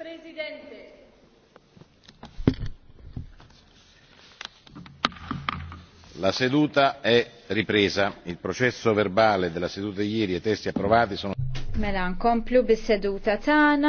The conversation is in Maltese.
Presidente. La seduta è ripresa. Il processo verbale della seduta di ieri e i testi approvati sono. Mela complu bis-seduta tana.